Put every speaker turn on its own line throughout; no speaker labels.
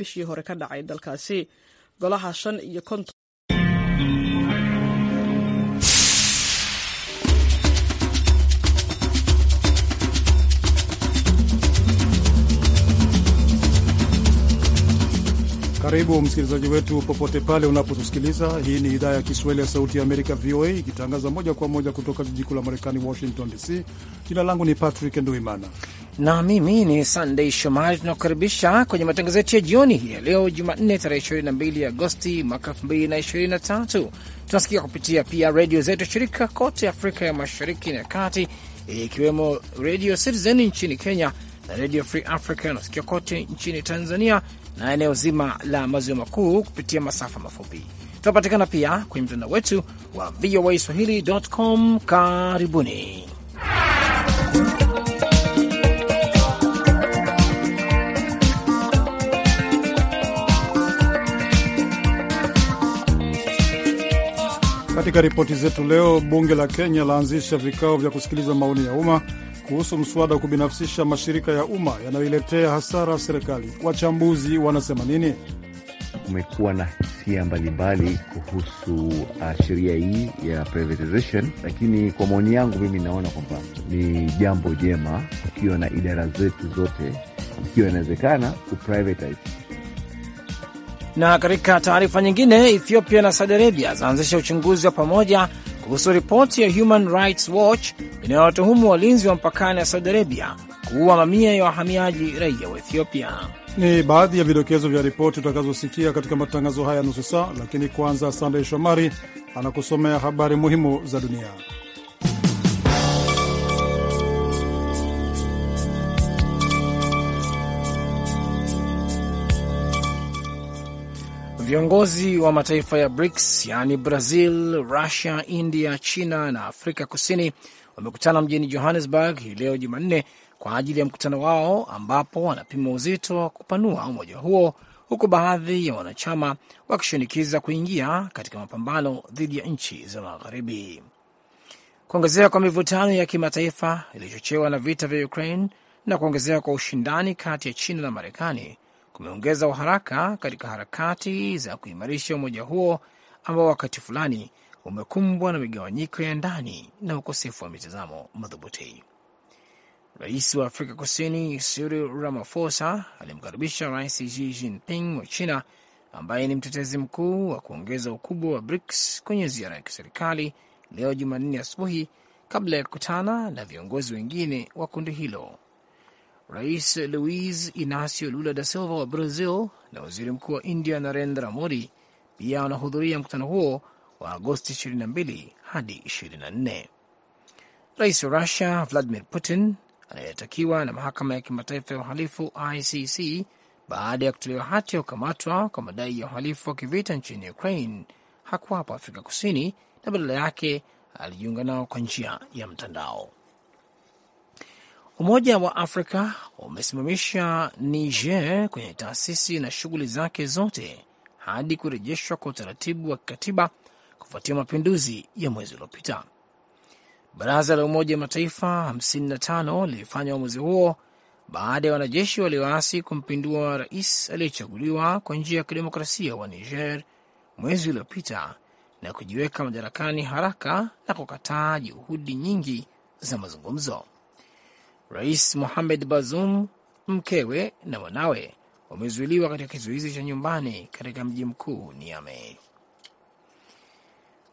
bishii hore ka dhacay dalkaasi golaha shan iyo konton
Karibu msikilizaji wetu popote pale unapotusikiliza. Hii ni idhaa ya Kiswahili ya Sauti ya Amerika, VOA, ikitangaza moja kwa moja kutoka jiji kuu la Marekani, Washington DC. Jina langu ni Patrick Nduimana na mimi ni Sandei Shomari. Tunakukaribisha kwenye matangazo yetu ya jioni
hii ya leo Jumanne, tarehe 22 Agosti mwaka 2023. Tunasikia kupitia pia redio zetu shirika kote Afrika ya Mashariki na Kati, ikiwemo Redio Citizen nchini Kenya na Redio Free Africa, nasikia kote nchini Tanzania na eneo zima la maziwa makuu kupitia masafa mafupi. Tunapatikana pia kwenye mtandao wetu wa VOA Swahili.com. Karibuni.
Katika ripoti zetu leo, bunge la Kenya laanzisha vikao vya kusikiliza maoni ya umma kuhusu mswada wa kubinafsisha mashirika ya umma yanayoiletea hasara serikali. Wachambuzi wanasema nini?
Kumekuwa na hisia mbalimbali kuhusu uh, sheria hii ya privatization, lakini kwa maoni yangu mimi naona kwamba ni jambo jema, ukiwa na idara zetu zote, ikiwa inawezekana kuprivatize.
Na katika taarifa nyingine, Ethiopia na Saudi Arabia zaanzisha uchunguzi wa pamoja kuhusu ripoti ya Human Rights Watch inayowatuhumu walinzi wa mpakani ya Saudi Arabia kuua mamia ya wahamiaji raia wa Ethiopia.
Ni baadhi ya vidokezo vya ripoti utakazosikia katika matangazo haya nusu saa, lakini kwanza, Sandey Shomari anakusomea habari muhimu za dunia.
Viongozi wa mataifa ya BRICS yaani Brazil, Russia, India, China na Afrika Kusini wamekutana mjini Johannesburg hii leo Jumanne kwa ajili ya mkutano wao ambapo wanapima uzito wa kupanua umoja huo huku baadhi ya wanachama wakishinikiza kuingia katika mapambano dhidi ya nchi za magharibi. Kuongezeka kwa mivutano ya kimataifa iliyochochewa na vita vya Ukraine na kuongezeka kwa ushindani kati ya China na Marekani kumeongeza uharaka katika harakati za kuimarisha umoja huo ambao wakati fulani umekumbwa na migawanyiko ya ndani na ukosefu wa mitazamo madhubuti. Rais wa Afrika Kusini Cyril Ramaphosa alimkaribisha Rais Xi Jinping wa China ambaye ni mtetezi mkuu wa kuongeza ukubwa wa BRICS kwenye ziara ya kiserikali leo Jumanne asubuhi kabla ya kukutana na viongozi wengine wa kundi hilo. Rais luis Inacio Lula da Silva wa Brazil na waziri mkuu wa India Narendra Modi pia wanahudhuria mkutano huo wa Agosti 22 hadi 24. Rais wa Rusia Vladimir Putin anayetakiwa na mahakama ya kimataifa ya uhalifu ICC baada ya kutolewa hati ya kukamatwa kwa madai ya uhalifu wa kivita nchini Ukraine hakuwapa Afrika Kusini na badala yake alijiunga nao kwa njia ya mtandao. Umoja wa Afrika umesimamisha Niger kwenye taasisi na shughuli zake zote hadi kurejeshwa kwa utaratibu wa kikatiba kufuatia mapinduzi ya mwezi uliopita. Baraza la Umoja wa Mataifa 55 lilifanya uamuzi huo baada ya wanajeshi walioasi kumpindua rais aliyechaguliwa kwa njia ya kidemokrasia wa Niger mwezi uliopita na kujiweka madarakani haraka na kukataa juhudi nyingi za mazungumzo. Rais Mohamed Bazoum, mkewe na wanawe wamezuiliwa katika kizuizi cha nyumbani katika mji mkuu Niamey.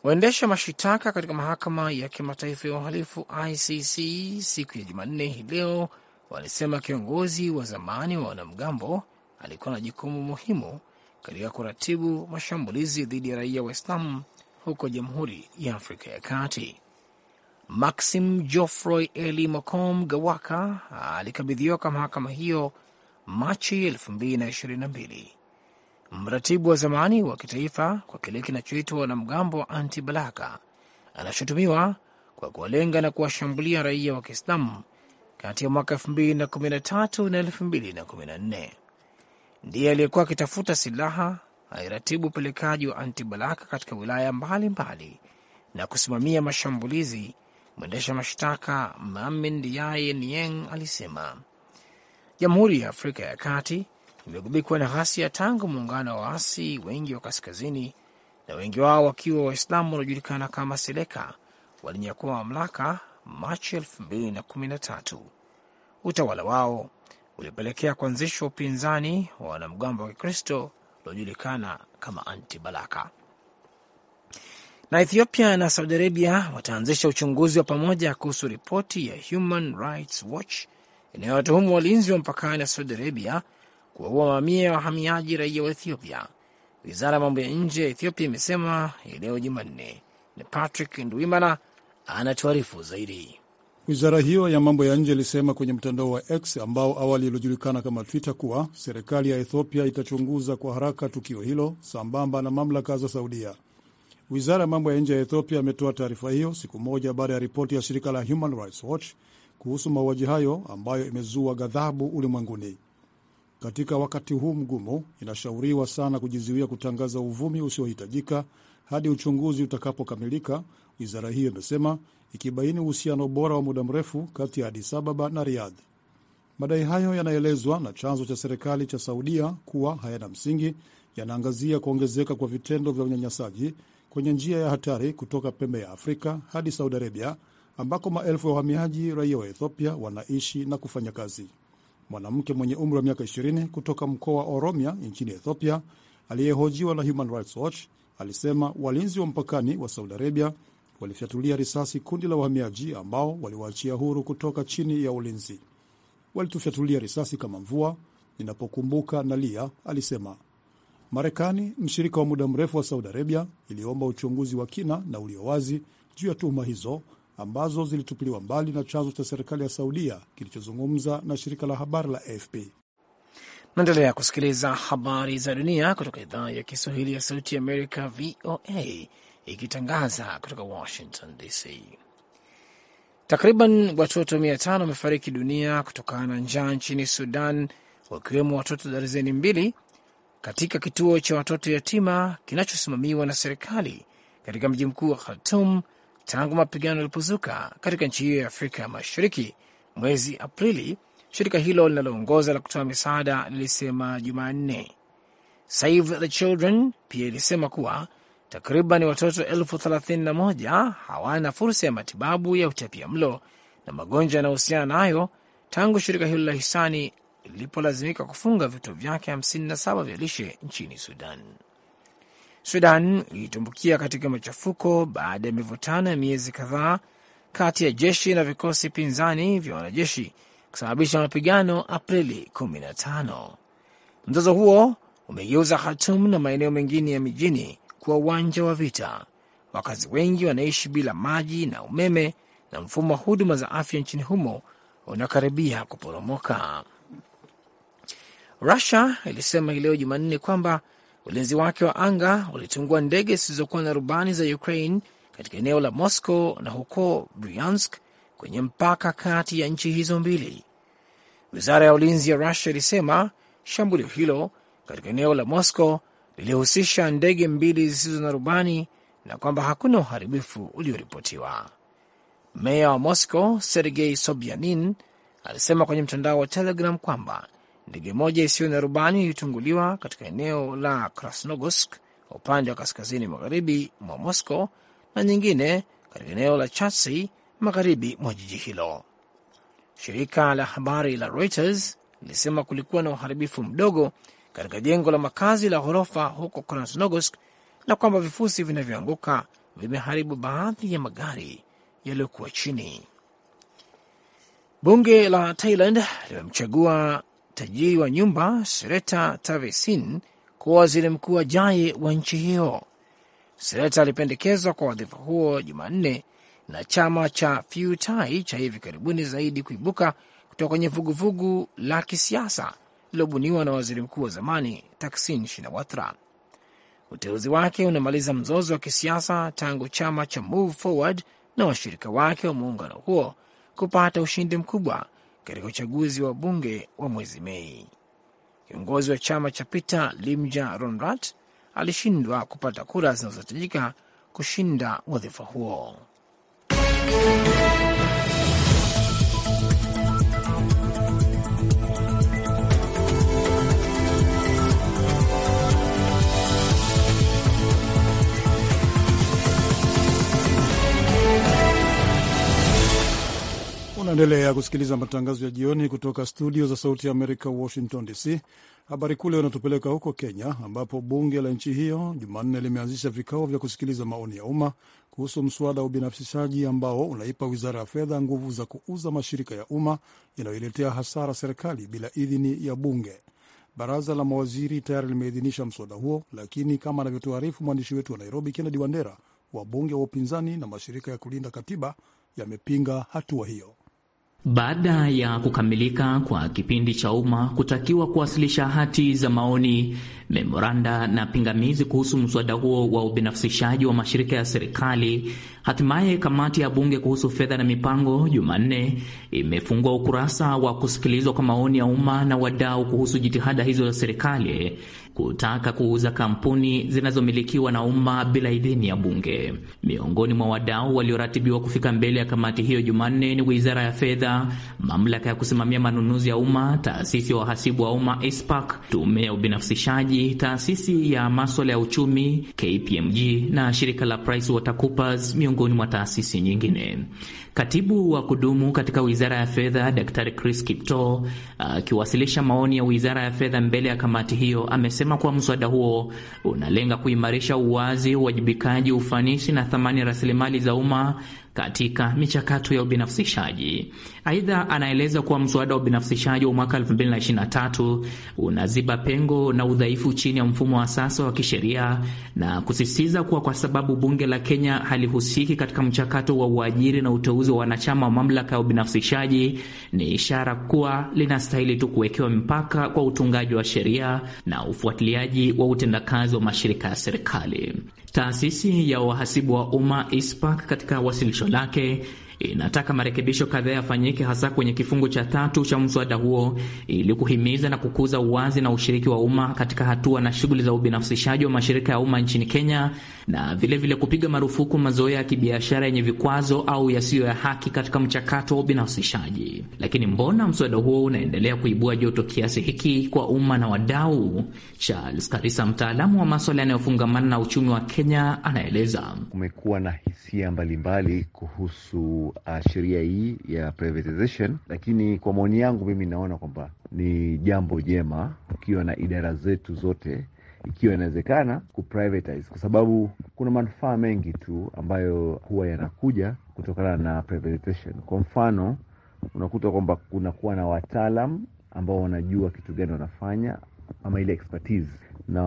Waendesha mashitaka katika mahakama ya kimataifa ya uhalifu ICC siku ya Jumanne hii leo walisema kiongozi wa zamani wa wanamgambo alikuwa na jukumu muhimu katika kuratibu mashambulizi dhidi ya raia wa islamu huko Jamhuri ya Afrika ya Kati. Maxim Geoffroy Eli Mocom Gawaka alikabidhiwa kwa mahakama hiyo Machi 2022. Mratibu wa zamani wa kitaifa kwa kile kinachoitwa wanamgambo wa Anti Balaka anashutumiwa kwa kuwalenga na kuwashambulia raia wa Kiislamu kati ya mwaka 2013 na 2014. Ndiye aliyekuwa akitafuta silaha, aliratibu upelekaji wa Anti Balaka katika wilaya mbalimbali mbali, na kusimamia mashambulizi Mwendesha mashtaka Mamin Diaye Nieng alisema Jamhuri ya Afrika ya Kati imegubikwa na ghasia tangu muungano wa waasi wengi wa kaskazini, na wengi wao wakiwa Waislamu wanaojulikana kama Seleka walinyakua mamlaka Machi 213 Utawala wao ulipelekea kuanzishwa upinzani wa wanamgambo wa Kikristo uliojulikana kama Antibalaka Balaka. Na Ethiopia na Saudi Arabia wataanzisha uchunguzi wa pamoja kuhusu ripoti ya Human Rights Watch inayowatuhumu walinzi wa mpakani wa Saudi Arabia kuwaua mamia ya wahamiaji raia wa Ethiopia. Wizara ya mambo ya nje ya Ethiopia imesema hii leo Jumanne. Ni Patrick Ndwimana anatuarifu zaidi.
Wizara hiyo ya mambo ya nje ilisema kwenye mtandao wa X ambao awali iliojulikana kama Twitter kuwa serikali ya Ethiopia itachunguza kwa haraka tukio hilo sambamba na mamlaka za Saudia. Wizara ya mambo ya nje ya Ethiopia ametoa taarifa hiyo siku moja baada ya ripoti ya shirika la Human Rights Watch kuhusu mauaji hayo ambayo imezua ghadhabu ulimwenguni. Katika wakati huu mgumu, inashauriwa sana kujizuia kutangaza uvumi usiohitajika hadi uchunguzi utakapokamilika, wizara hiyo imesema, ikibaini uhusiano bora wa muda mrefu kati ya Addis Ababa na Riyadh. Madai hayo yanaelezwa na chanzo cha serikali cha Saudia kuwa hayana msingi, yanaangazia kuongezeka kwa vitendo vya unyanyasaji kwenye njia ya hatari kutoka pembe ya Afrika hadi Saudi Arabia ambako maelfu ya wahamiaji raia wa Ethiopia wanaishi na kufanya kazi. Mwanamke mwenye umri wa miaka 20 kutoka mkoa wa Oromia nchini Ethiopia aliyehojiwa na Human Rights Watch alisema walinzi wa mpakani wa Saudi Arabia walifyatulia risasi kundi la wahamiaji ambao waliwaachia huru kutoka chini ya ulinzi. Walitufyatulia risasi kama mvua, ninapokumbuka nalia, alisema. Marekani, mshirika wa muda mrefu wa Saudi Arabia, iliomba uchunguzi wa kina na ulio wazi juu ya tuhuma hizo ambazo zilitupiliwa mbali na chanzo cha serikali ya Saudia kilichozungumza na shirika la habari la AFP. Naendelea kusikiliza habari
za dunia kutoka idhaa ya Kiswahili ya Sauti ya Amerika, VOA, ikitangaza kutoka Washington DC. Takriban watoto mia tano wamefariki dunia kutokana na njaa nchini Sudan, wakiwemo watoto darzeni mbili katika kituo cha watoto yatima kinachosimamiwa na serikali katika mji mkuu wa Khartum tangu mapigano yalipozuka katika nchi hiyo ya Afrika ya Mashariki mwezi Aprili. Shirika hilo linaloongoza la kutoa misaada lilisema Jumanne. Save the Children pia ilisema kuwa takriban watoto elfu thelathini na moja hawana fursa ya matibabu ya utapia mlo na magonjwa yanayohusiana nayo tangu shirika hilo la hisani ilipolazimika kufunga vituo vyake 57 vya lishe nchini Sudan. Sudan ilitumbukia katika machafuko baada ya mivutano ya miezi kadhaa kati ya jeshi na vikosi pinzani vya wanajeshi kusababisha mapigano Aprili 15. Mzozo huo umegeuza Khartoum na maeneo mengine ya mijini kuwa uwanja wa vita. Wakazi wengi wanaishi bila maji na umeme na mfumo wa huduma za afya nchini humo unakaribia kuporomoka. Rusia ilisema hii leo Jumanne kwamba ulinzi wake wa anga ulitungua ndege zisizokuwa na rubani za Ukraine katika eneo la Moscow na huko Bryansk kwenye mpaka kati ya nchi hizo mbili. Wizara ya ulinzi ya Rusia ilisema shambulio hilo katika eneo la Moscow lilihusisha ndege mbili zisizo na rubani na kwamba hakuna uharibifu ulioripotiwa. Meya wa Moscow Sergei Sobyanin alisema kwenye mtandao wa Telegram kwamba Ndege moja isiyo na rubani ilitunguliwa katika eneo la Krasnogorsk upande wa kaskazini magharibi mwa Moscow na nyingine katika eneo la Chasi magharibi mwa jiji hilo. Shirika la habari la Reuters lilisema kulikuwa na uharibifu mdogo katika jengo la makazi la ghorofa huko Krasnogorsk na kwamba vifusi vinavyoanguka vimeharibu baadhi ya magari yaliyokuwa chini. Bunge la Thailand limemchagua tajiri wa nyumba Sereta Tavesin kuwa waziri mkuu ajaye wa nchi hiyo. Sereta alipendekezwa kwa wadhifa huo Jumanne na chama cha futai cha hivi karibuni zaidi kuibuka kutoka kwenye vuguvugu la kisiasa lililobuniwa na waziri mkuu wa zamani Taksin Shinawatra. Uteuzi wake unamaliza mzozo wa kisiasa tangu chama cha Move Forward na washirika wake wa muungano huo kupata ushindi mkubwa katika uchaguzi wa bunge wa mwezi Mei. Kiongozi wa chama cha peter Limja Ronrat alishindwa kupata kura zinazohitajika kushinda wadhifa huo.
Unaendelea kusikiliza matangazo ya jioni kutoka studio za Sauti ya Amerika, Washington DC. Habari kule inatupeleka huko Kenya, ambapo bunge la nchi hiyo Jumanne limeanzisha vikao vya kusikiliza maoni ya umma kuhusu mswada wa ubinafsishaji ambao unaipa wizara ya fedha nguvu za kuuza mashirika ya umma yanayoiletea hasara serikali bila idhini ya bunge. Baraza la mawaziri tayari limeidhinisha mswada huo, lakini kama anavyotuarifu mwandishi wetu wa Nairobi, Kennedy Wandera, wabunge wa upinzani na mashirika ya kulinda katiba yamepinga hatua hiyo.
Baada ya kukamilika kwa kipindi cha umma kutakiwa kuwasilisha hati za maoni, memoranda na pingamizi kuhusu mswada huo wa ubinafsishaji wa mashirika ya serikali, hatimaye kamati ya bunge kuhusu fedha na mipango Jumanne imefungua ukurasa wa kusikilizwa kwa maoni ya umma na wadau kuhusu jitihada hizo za serikali kutaka kuuza kampuni zinazomilikiwa na umma bila idhini ya Bunge. Miongoni mwa wadau walioratibiwa kufika mbele ya kamati hiyo Jumanne ni wizara ya fedha, mamlaka ya kusimamia manunuzi ya umma, taasisi ya wahasibu wa umma ISPAC, tume ya ubinafsishaji, taasisi ya maswala ya uchumi KPMG na shirika la PricewaterhouseCoopers miongoni mwa taasisi nyingine. Katibu wa kudumu katika wizara ya fedha Daktari Chris kipto akiwasilisha maoni ya wizara ya fedha mbele ya kamati hiyo amesema kuwa mswada huo unalenga kuimarisha uwazi, uwajibikaji, ufanisi na thamani rasilimali za umma katika michakato ya ubinafsishaji. Aidha, anaeleza kuwa mswada wa ubinafsishaji wa mwaka 2023 unaziba pengo na udhaifu chini ya mfumo wa sasa wa kisheria na kusisitiza kuwa kwa sababu bunge la Kenya halihusiki katika mchakato wa uajiri na uteuzi wa wanachama wa mamlaka ya ubinafsishaji, ni ishara kuwa linastahili tu kuwekewa mipaka kwa utungaji wa sheria na ufuatiliaji wa utendakazi wa mashirika ya serikali. Taasisi ya wahasibu wa umma ISPAK katika wasilisho lake inataka eh, marekebisho kadhaa yafanyike hasa kwenye kifungu cha tatu cha mswada huo ili kuhimiza na kukuza uwazi na ushiriki wa umma katika hatua na shughuli za ubinafsishaji wa mashirika ya umma nchini Kenya na vilevile vile kupiga marufuku mazoea ya kibiashara yenye vikwazo au yasiyo ya haki katika mchakato wa ubinafsishaji. Lakini mbona mswada huo unaendelea kuibua joto kiasi hiki kwa umma na wadau? Charles Karisa, mtaalamu wa maswala yanayofungamana na uchumi wa Kenya, anaeleza.
Kumekuwa na hisia mbalimbali kuhusu Uh, sheria hii ya privatization, lakini kwa maoni yangu mimi naona kwamba ni jambo jema ukiwa na idara zetu zote ikiwa inawezekana kuprivatize kwa sababu kuna manufaa mengi tu ambayo huwa yanakuja kutokana na privatization. Kwa mfano, unakuta kwamba kunakuwa na wataalam ambao wanajua kitu gani wanafanya ama ile expertise, na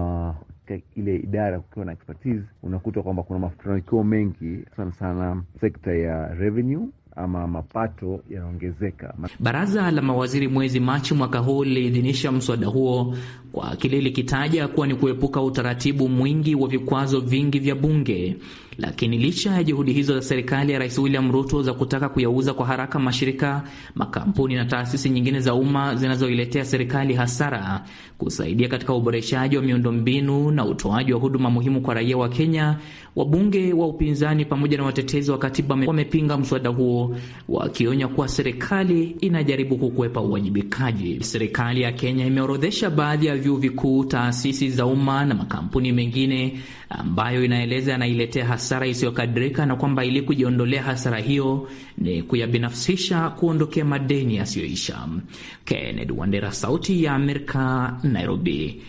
katika ile idara kukiwa na expertise, unakuta kwamba kuna mafanikio mengi sana sana sekta ya revenue ama mapato yanaongezeka. Baraza
la mawaziri mwezi Machi mwaka huu liliidhinisha mswada huo kwa kile likitaja kuwa ni kuepuka utaratibu mwingi wa vikwazo vingi vya bunge. Lakini licha ya juhudi hizo za serikali ya Rais William Ruto za kutaka kuyauza kwa haraka mashirika, makampuni na taasisi nyingine za umma zinazoiletea serikali hasara, kusaidia katika uboreshaji wa miundombinu na utoaji wa huduma muhimu kwa raia wa Kenya, wabunge wa upinzani pamoja na watetezi wa katiba wamepinga mswada huo, wakionya kuwa serikali inajaribu kukwepa uwajibikaji. Serikali ya Kenya imeorodhesha baadhi ya vyuo vikuu, taasisi za umma na makampuni mengine ambayo inaeleza anailetea hasara isiyokadirika na kwamba ili kujiondolea hasara hiyo ni kuyabinafsisha, kuondokea madeni yasiyoisha. Kennedy Wandera, Sauti ya Amerika, Nairobi.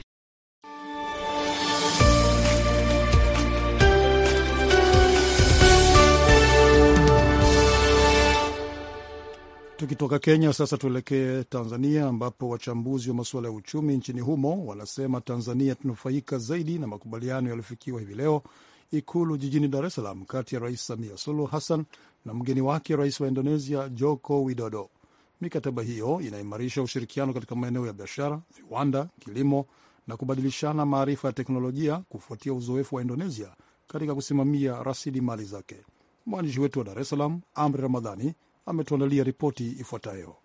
Tukitoka Kenya sasa tuelekee Tanzania, ambapo wachambuzi wa masuala ya uchumi nchini humo wanasema Tanzania tunufaika zaidi na makubaliano yaliyofikiwa hivi leo Ikulu jijini Dar es Salaam kati ya Rais Samia Suluhu Hassan na mgeni wake Rais wa Indonesia Joko Widodo. Mikataba hiyo inaimarisha ushirikiano katika maeneo ya biashara, viwanda, kilimo na kubadilishana maarifa ya teknolojia kufuatia uzoefu wa Indonesia katika kusimamia rasilimali zake. Mwandishi wetu wa Dar es Salaam, Amri Ramadhani, ametuandalia ripoti ifuatayo.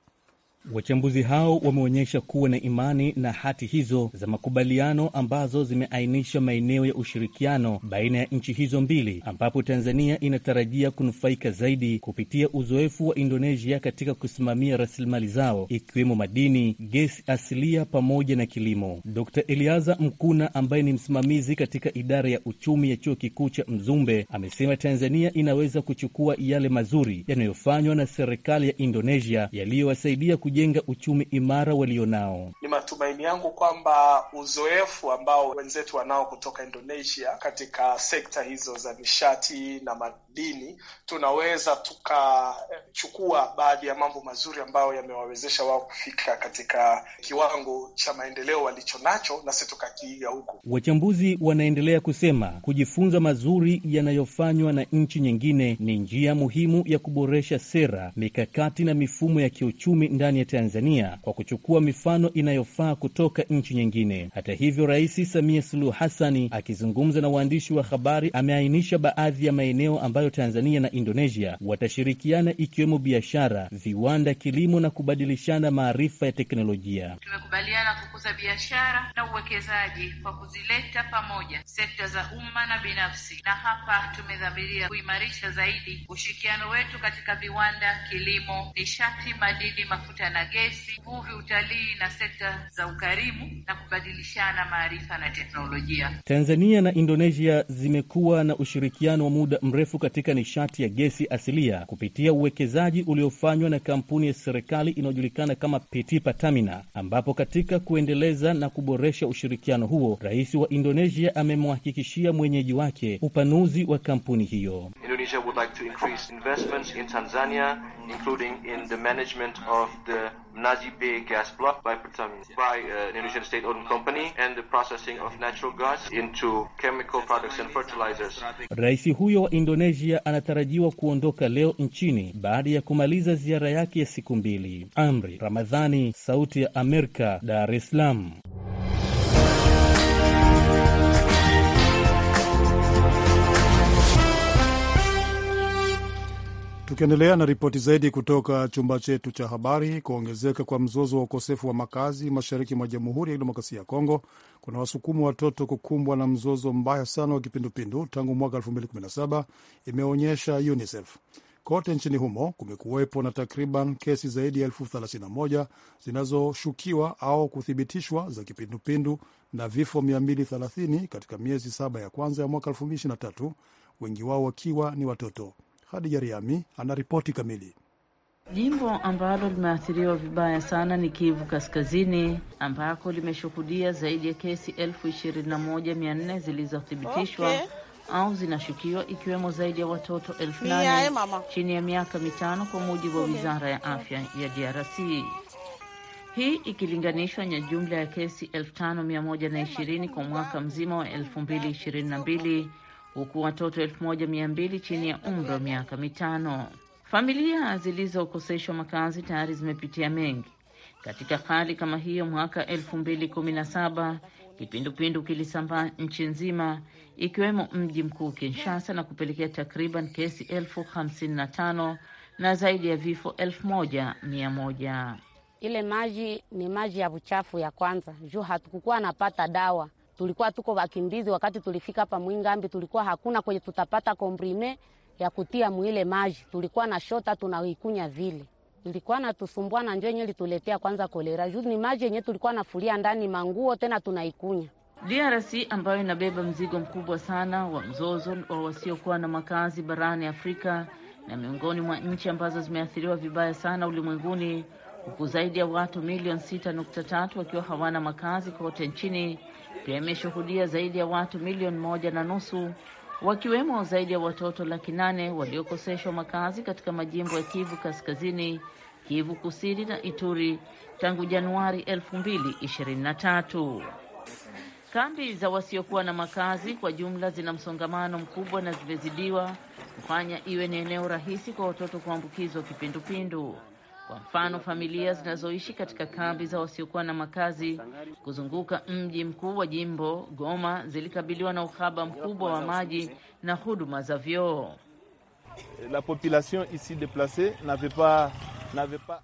Wachambuzi hao wameonyesha kuwa na imani na hati hizo za makubaliano ambazo zimeainisha maeneo ya ushirikiano baina ya nchi hizo mbili, ambapo Tanzania inatarajia kunufaika zaidi kupitia uzoefu wa Indonesia katika kusimamia rasilimali zao ikiwemo madini, gesi asilia pamoja na kilimo. Dr. Eliaza Mkuna ambaye ni msimamizi katika idara ya uchumi ya chuo kikuu cha Mzumbe amesema Tanzania inaweza kuchukua yale mazuri yanayofanywa na serikali ya Indonesia yaliyowasaidia kujenga uchumi imara walionao.
Ni matumaini yangu kwamba uzoefu ambao
wenzetu wanao kutoka Indonesia katika sekta hizo za nishati na dini, tunaweza tukachukua baadhi ya mambo mazuri ambayo yamewawezesha wao kufika katika kiwango cha maendeleo walicho nacho, si tukakiiga huko.
Wachambuzi wanaendelea kusema kujifunza mazuri yanayofanywa na nchi nyingine ni njia muhimu ya kuboresha sera, mikakati na mifumo ya kiuchumi ndani ya Tanzania kwa kuchukua mifano inayofaa kutoka nchi nyingine. Hata hivyo, Rais Samia Suluhu Hassani akizungumza na waandishi wa habari ameainisha baadhi ya maeneo ambayo ambayo Tanzania na Indonesia watashirikiana ikiwemo biashara, viwanda, kilimo na kubadilishana maarifa ya teknolojia.
Tumekubaliana kukuza biashara na uwekezaji kwa kuzileta pamoja sekta za umma na binafsi, na hapa tumedhamiria kuimarisha zaidi ushirikiano wetu katika viwanda, kilimo, nishati, madini, mafuta na gesi, uvuvi, utalii na sekta za ukarimu na kubadilishana maarifa na
teknolojia.
Tanzania na Indonesia zimekuwa na ushirikiano wa muda mrefu katika nishati ya gesi asilia kupitia uwekezaji uliofanywa na kampuni ya serikali inayojulikana kama PT Pertamina, ambapo katika kuendeleza na kuboresha ushirikiano huo, rais wa Indonesia amemhakikishia mwenyeji wake upanuzi wa kampuni hiyo.
Indonesia would like to increase investments in Tanzania including in the management of the Mnazi Bay gas block by by uh, Indonesian state-owned company and the processing of natural gas into chemical products and fertilizers.
Rais huyo wa Indonesia anatarajiwa kuondoka leo nchini baada ya kumaliza ziara yake ya siku mbili. Amri Ramadhani, Sauti ya Amerika, Dar es Salaam.
Tukiendelea na ripoti zaidi kutoka chumba chetu cha habari, kuongezeka kwa mzozo wa ukosefu wa makazi mashariki mwa Jamhuri ya Kidemokrasia ya Kongo kuna wasukumu watoto kukumbwa na mzozo mbaya sana wa kipindupindu tangu mwaka 2017 imeonyesha UNICEF. Kote nchini humo kumekuwepo na takriban kesi zaidi ya elfu 31 zinazoshukiwa au kuthibitishwa za kipindupindu na vifo 230 katika miezi saba ya kwanza ya mwaka 2023, wengi wao wakiwa ni watoto. Hadija Riami anaripoti kamili.
Jimbo ambalo limeathiriwa vibaya sana ni Kivu Kaskazini ambako limeshuhudia zaidi ya kesi elfu ishirini na moja mia nne zilizothibitishwa okay, au zinashukiwa ikiwemo zaidi ya watoto elfu nane chini ya miaka mitano kwa mujibu wa wizara ya afya ya DRC, hii ikilinganishwa na jumla ya kesi elfu tano mia moja na ishirini kwa mwaka mzima wa elfu mbili ishirini na mbili huku watoto mbili chini ya umri wa miaka mitano. Familia zilizokoseshwa makazi tayari zimepitia mengi. Katika hali kama hiyo, mwaka saba kipindupindu kilisambaa nchi nzima ikiwemo mji mkuu Kinshasa na kupelekea takriban kesi elfu hamsini na tano na zaidi ya vifo elfu moja mia moja. Ile maji ni maji ya uchafu ya kwanza juu hatukukuwa napata dawa tulikuwa tuko wakimbizi. Wakati tulifika hapa Mwingambi, tulikuwa hakuna kwenye tutapata komprime ya kutia mwile maji, tulikuwa na shota tunaikunya vile ilikuwa natusumbua na njo yenyewe lituletea kwanza kolera, juu ni maji yenye tulikuwa nafulia ndani manguo tena tunaikunya. DRC ambayo inabeba mzigo mkubwa sana wa mzozo wa wasiokuwa na makazi barani Afrika na miongoni mwa nchi ambazo zimeathiriwa vibaya sana ulimwenguni, huku zaidi ya watu milioni 6.3 wakiwa hawana makazi kote nchini, pia imeshuhudia zaidi ya watu milioni moja na nusu wakiwemo zaidi ya watoto laki nane waliokoseshwa makazi katika majimbo ya Kivu Kaskazini, Kivu Kusini na Ituri tangu Januari 2023. Kambi za wasiokuwa na makazi kwa jumla zina msongamano mkubwa na zimezidiwa kufanya iwe ni eneo rahisi kwa watoto kuambukizwa kipindupindu. Kwa mfano, familia zinazoishi katika kambi za wasiokuwa na makazi kuzunguka mji mkuu wa jimbo Goma zilikabiliwa na uhaba mkubwa wa maji na huduma za vyoo.
La population ici déplacée n'avait pas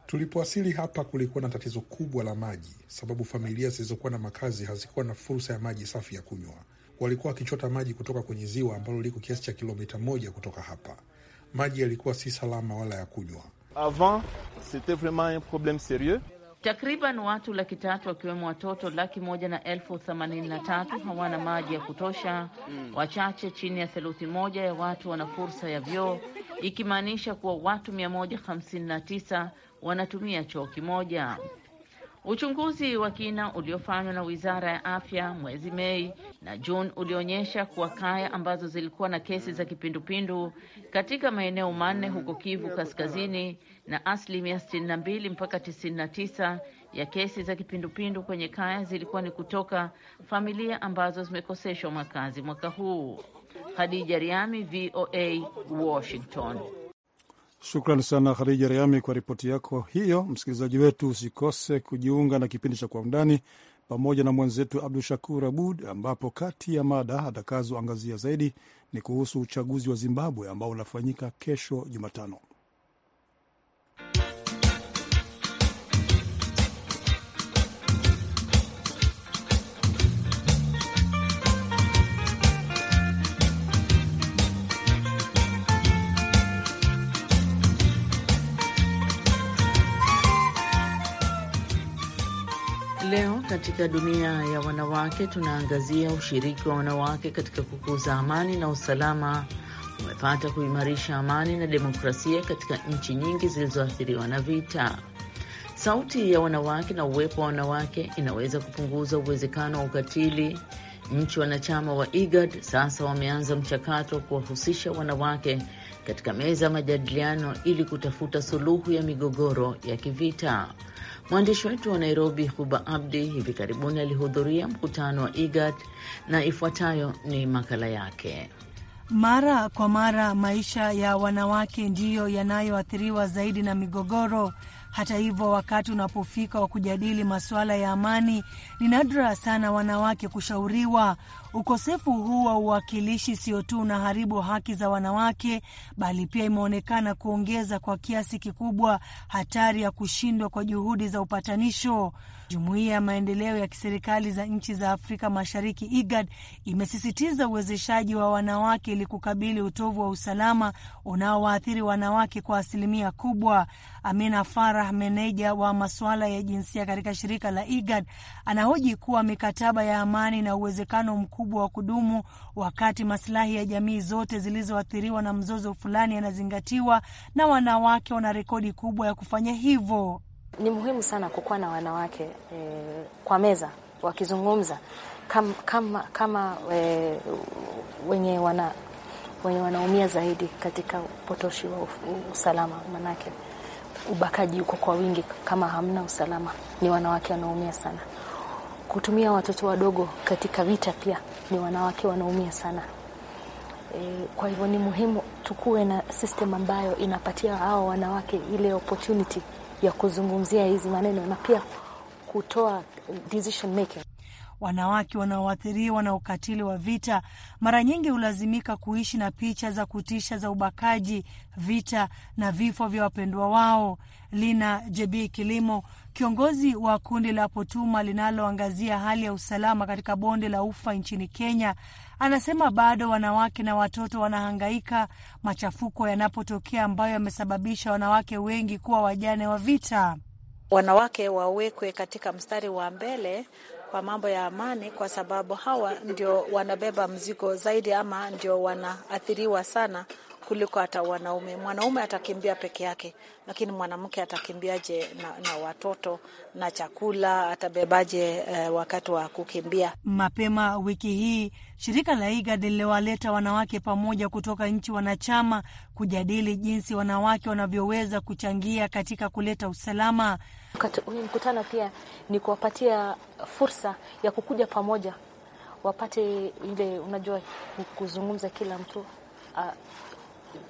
Tulipowasili hapa kulikuwa na tatizo kubwa la maji, sababu familia zilizokuwa na makazi hazikuwa na fursa ya maji safi ya kunywa. Walikuwa wakichota maji kutoka kwenye ziwa ambalo liko kiasi cha kilomita moja kutoka hapa. Maji yalikuwa si salama wala ya kunywa. Avant, c'était vraiment un problème sérieux.
Takriban watu laki tatu wakiwemo watoto laki moja na elfu themanini na tatu hawana maji ya kutosha. Mm. Wachache chini ya theluthi moja ya watu wana fursa ya vyoo, ikimaanisha kuwa watu 159 wanatumia choo kimoja. Uchunguzi wa kina uliofanywa na Wizara ya Afya mwezi Mei na Juni ulionyesha kuwa kaya ambazo zilikuwa na kesi za kipindupindu katika maeneo manne huko Kivu Kaskazini na asilimia 62 mpaka 99 ya kesi za kipindupindu kwenye kaya zilikuwa ni kutoka familia ambazo zimekoseshwa makazi mwaka huu. Hadija Riami, VOA, Washington.
Shukran sana Khadija riami kwa ripoti yako hiyo. Msikilizaji wetu, usikose kujiunga na kipindi cha Kwa Undani pamoja na mwenzetu Abdu Shakur Abud, ambapo kati ya mada atakazoangazia zaidi ni kuhusu uchaguzi wa Zimbabwe ambao unafanyika kesho Jumatano.
leo katika dunia ya wanawake tunaangazia ushiriki wa wanawake katika kukuza amani na usalama umepata kuimarisha amani na demokrasia katika nchi nyingi zilizoathiriwa na vita. Sauti ya wanawake na uwepo wa wanawake inaweza kupunguza uwezekano wa ukatili. Nchi wanachama wa IGAD sasa wameanza mchakato wa kuwahusisha wanawake katika meza ya majadiliano ili kutafuta suluhu ya migogoro ya kivita. Mwandishi wetu wa Nairobi, Huba Abdi, hivi karibuni alihudhuria mkutano wa IGAD na ifuatayo ni makala yake.
Mara kwa mara maisha ya wanawake ndiyo yanayoathiriwa zaidi na migogoro. Hata hivyo, wakati unapofika wa kujadili masuala ya amani, ni nadra sana wanawake kushauriwa. Ukosefu huu wa uwakilishi sio tu unaharibu haki za wanawake, bali pia imeonekana kuongeza kwa kiasi kikubwa hatari ya kushindwa kwa juhudi za upatanisho. Jumuiya ya maendeleo ya kiserikali za nchi za Afrika Mashariki, IGAD, imesisitiza uwezeshaji wa wanawake ili kukabili utovu wa usalama unaowaathiri wanawake kwa asilimia kubwa. Amina Farah, meneja wa masuala ya jinsia katika shirika la IGAD, anahoji kuwa mikataba ya amani na uwezekano mkuu mkubwa wa kudumu, wakati masilahi ya jamii zote zilizoathiriwa na mzozo fulani yanazingatiwa, na wanawake wana rekodi kubwa ya kufanya hivyo. Ni muhimu sana
kukuwa na wanawake eh, kwa meza wakizungumza kama, kama, kama eh, wenye wana wenye wanaumia zaidi katika upotoshi wa usalama, manake ubakaji uko kwa wingi. Kama hamna usalama, ni wanawake wanaumia sana kutumia watoto wadogo katika vita, pia ni wanawake wanaumia sana. E, kwa hivyo ni muhimu tukuwe na system ambayo inapatia hao wanawake ile opportunity ya kuzungumzia hizi maneno na
pia kutoa decision making. Wanawake wanaoathiriwa na ukatili wa vita mara nyingi hulazimika kuishi na picha za kutisha za ubakaji, vita na vifo vya wapendwa wao. Lina Jebii Kilimo Kiongozi wa kundi la Potuma linaloangazia hali ya usalama katika bonde la Ufa nchini Kenya anasema bado wanawake na watoto wanahangaika machafuko yanapotokea ambayo yamesababisha wanawake wengi kuwa wajane wa vita.
Wanawake wawekwe katika mstari wa mbele kwa mambo ya amani, kwa sababu hawa ndio wanabeba mzigo zaidi ama ndio wanaathiriwa sana kuliko hata wanaume. Mwanaume atakimbia peke yake, lakini mwanamke atakimbiaje na, na watoto na chakula atabebaje eh, wakati wa kukimbia?
Mapema wiki hii shirika la IGAD liliwaleta wanawake pamoja kutoka nchi wanachama kujadili jinsi wanawake wanavyoweza kuchangia katika kuleta usalama. Huyu
mkutano pia ni kuwapatia fursa ya kukuja pamoja, wapate ile, unajua kuzungumza, kila mtu ah,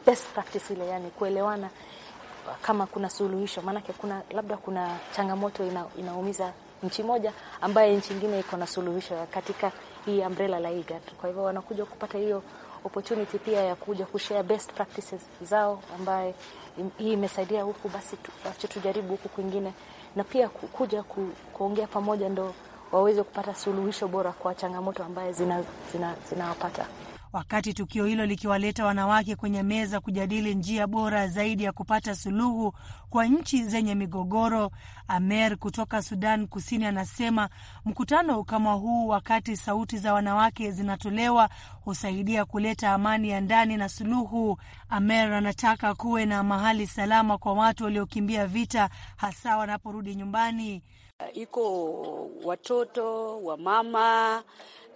best practice ile, yani kuelewana kama kuna suluhisho, maanake kuna labda kuna changamoto ina, inaumiza nchi moja ambaye nchi nyingine iko na suluhisho katika hii umbrella la IGAD. Kwa hivyo wanakuja kupata hiyo opportunity pia ya kuja kushare best practices zao ambaye hii imesaidia huku, basi acha tujaribu huku kwingine, na pia kuja ku, kuongea pamoja ndo waweze kupata suluhisho bora kwa changamoto ambaye zinawapata zina, zina
wakati tukio hilo likiwaleta wanawake kwenye meza kujadili njia bora zaidi ya kupata suluhu kwa nchi zenye migogoro. Amer kutoka Sudan Kusini anasema mkutano kama huu, wakati sauti za wanawake zinatolewa, husaidia kuleta amani ya ndani na suluhu. Amer anataka kuwe na mahali salama kwa watu waliokimbia vita, hasa wanaporudi nyumbani. Iko watoto wa mama,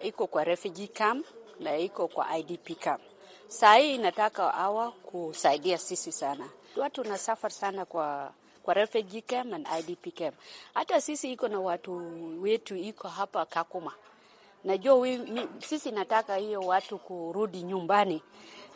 iko kwa
refugee camp na iko kwa IDP camp. Saa hii inataka hawa kusaidia sisi sana, watu na safari sana kwa kwa refugee camp and IDP camp. Hata sisi iko na watu wetu iko hapa Kakuma. Najua we, mi, sisi nataka hiyo watu kurudi nyumbani,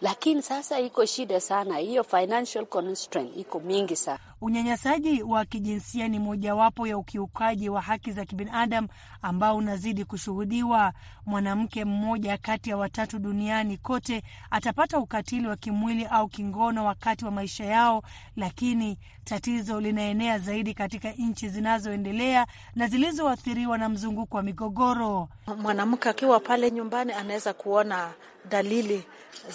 lakini sasa iko shida sana, hiyo
financial constraint iko mingi sana. Unyanyasaji wa kijinsia ni mojawapo ya ukiukaji wa haki za kibinadamu ambao unazidi kushuhudiwa. Mwanamke mmoja kati ya watatu duniani kote atapata ukatili wa kimwili au kingono wakati wa maisha yao, lakini tatizo linaenea zaidi katika nchi zinazoendelea na zilizoathiriwa na mzunguko wa migogoro. Mwanamke akiwa pale
nyumbani anaweza kuona dalili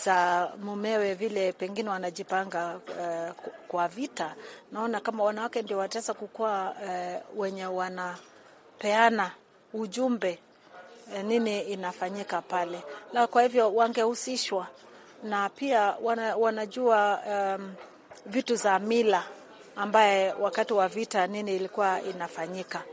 za mumewe vile pengine wanajipanga uh, kwa vita. Naona kama wanawake ndio wataweza kukua uh, wenye wanapeana ujumbe uh, nini inafanyika pale, na kwa hivyo wangehusishwa na pia wana, wanajua um, vitu za mila ambaye wakati wa vita nini ilikuwa
inafanyika.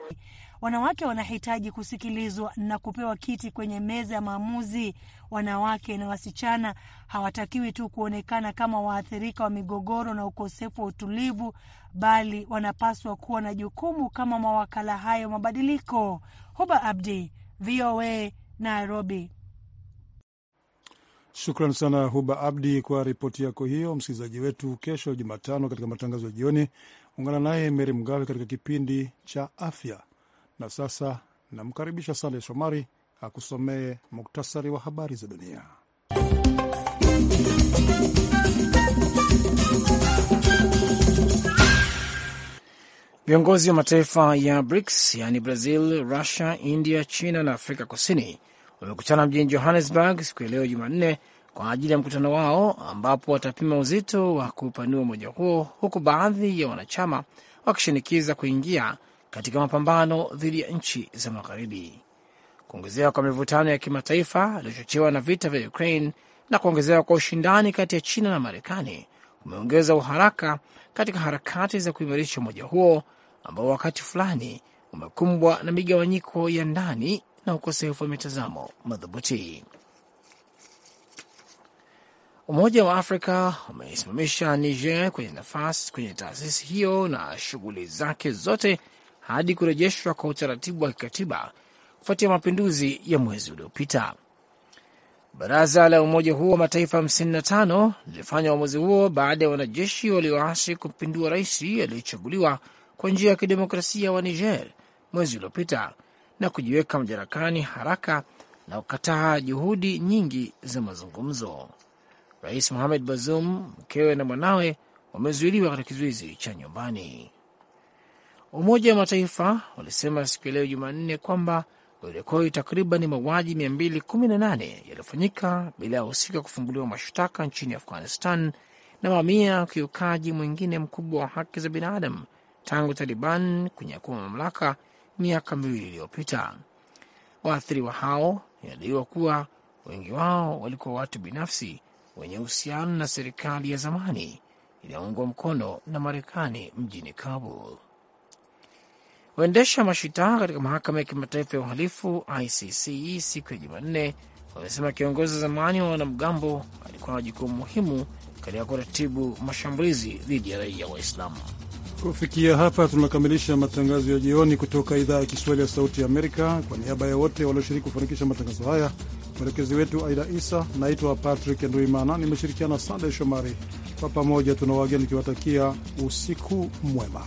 Wanawake wanahitaji kusikilizwa na kupewa kiti kwenye meza ya maamuzi wanawake na wasichana hawatakiwi tu kuonekana kama waathirika wa migogoro na ukosefu wa utulivu, bali wanapaswa kuwa na jukumu kama mawakala hayo mabadiliko. Huba Abdi, VOA Nairobi.
Shukran sana Huba Abdi kwa ripoti yako hiyo. Msikilizaji wetu, kesho Jumatano katika matangazo ya jioni, ungana naye Meri Mgawe katika kipindi cha afya. Na sasa namkaribisha sandey Shomari akusomee muktasari wa habari za dunia.
Viongozi wa mataifa ya BRICS yaani Brazil, Russia, India, China na Afrika Kusini wamekutana mjini Johannesburg siku ya leo Jumanne kwa ajili ya mkutano wao ambapo watapima uzito wa kupanua umoja huo, huku baadhi ya wanachama wakishinikiza kuingia katika mapambano dhidi ya nchi za Magharibi kuongezeka kwa mivutano ya kimataifa iliyochochewa na vita vya Ukraine na kuongezeka kwa ushindani kati ya China na Marekani umeongeza uharaka katika harakati za kuimarisha umoja huo ambao wakati fulani umekumbwa na migawanyiko ya ndani na ukosefu wa mitazamo madhubuti. Umoja wa Afrika umeisimamisha Niger kwenye nafasi kwenye taasisi hiyo na shughuli zake zote hadi kurejeshwa kwa utaratibu wa kikatiba kufuatia mapinduzi ya mwezi uliopita. Baraza la Umoja huo wa Mataifa 55 lilifanya uamuzi huo baada ya wanajeshi walioasi kumpindua rais aliyechaguliwa kwa njia ya kidemokrasia wa Niger mwezi uliopita na kujiweka madarakani haraka na kukataa juhudi nyingi za mazungumzo. Rais Mohamed Bazoum, mkewe na mwanawe wamezuiliwa katika kizuizi cha nyumbani. Umoja wa Mataifa walisema siku ya leo Jumanne kwamba ulirekodi takriban mauaji 218 yaliyofanyika bila ya husika kufunguliwa mashtaka nchini Afghanistan na mamia ya ukiukaji mwingine mkubwa wa haki za binadamu tangu Taliban kunyakua mamlaka miaka miwili iliyopita. Waathiriwa hao inadaiwa kuwa wengi wao walikuwa watu binafsi wenye uhusiano na serikali ya zamani inayoungwa mkono na Marekani mjini Kabul. Waendesha mashitaka katika mahakama ya kimataifa ya uhalifu ICC siku ya Jumanne wamesema kiongozi wa zamani wa wanamgambo alikuwa na jukumu muhimu katika kuratibu mashambulizi dhidi ya raia Waislamu.
Kufikia hapa tunakamilisha matangazo ya jioni kutoka idhaa ya Kiswahili ya Sauti ya Amerika. Kwa niaba ya wote walioshiriki kufanikisha matangazo haya, mwelekezi wetu Aida Isa, naitwa Patrick Nduimana, nimeshirikiana Sandey Shomari. Kwa pamoja tuna nikiwatakia usiku mwema.